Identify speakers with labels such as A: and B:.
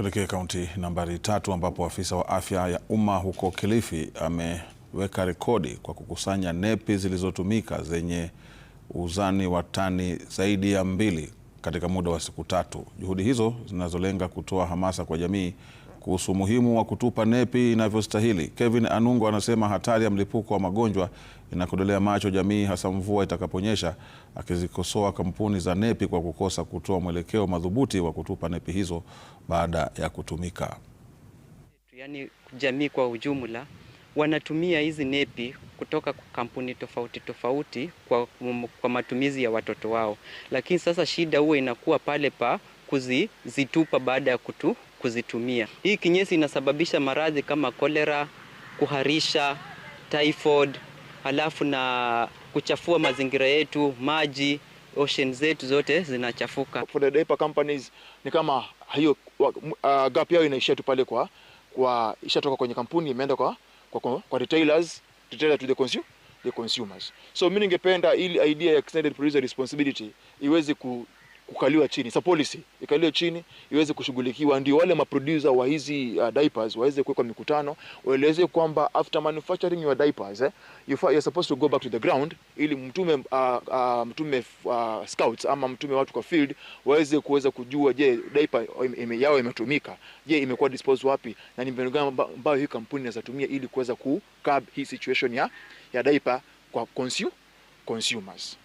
A: Tuelekee kaunti nambari tatu ambapo afisa wa afya ya umma huko Kilifi ameweka rekodi kwa kukusanya nepi zilizotumika zenye uzani wa tani zaidi ya mbili katika muda wa siku tatu. Juhudi hizo zinazolenga kutoa hamasa kwa jamii kuhusu umuhimu wa kutupa nepi inavyostahili. Kevin Anungo anasema hatari ya mlipuko wa magonjwa inakodolea macho jamii, hasa mvua itakaponyesha, akizikosoa kampuni za nepi kwa kukosa kutoa mwelekeo madhubuti wa kutupa nepi hizo baada ya kutumika.
B: Yani, jamii kwa ujumla wanatumia hizi nepi kutoka kwa kampuni tofauti tofauti kwa, kwa matumizi ya watoto wao, lakini sasa shida huwa inakuwa pale pa kuzitupa baada ya kutu kuzitumia. Hii kinyesi inasababisha maradhi kama kolera, kuharisha, typhoid, halafu na kuchafua mazingira yetu, maji, ocean zetu zote zinachafuka.
C: For the diaper companies ni kama hiyo uh, gap yao inaishia tu pale kwa kwa ishatoka kwenye kampuni imeenda kwa kwa, kwa kwa retailers, retailer to the consumer the consumers. So mimi ningependa ili idea ya extended producer responsibility iweze ku kukaliwa chini, sa policy ikaliwe chini iweze kushughulikiwa, ndio wale maproducer wa hizi uh, diapers waweze kuwekwa mikutano, waeleze kwamba after manufacturing your diapers eh, you are supposed to go back to the ground, ili mtume uh, uh, mtume uh, scouts ama mtume watu kwa field waweze kuweza kujua, je, diaper ime, yao imetumika, je, imekuwa disposed wapi, na ni mbinu gani ambayo hii kampuni inazatumia ili kuweza ku curb hii situation ya ya diaper kwa consume, consumers.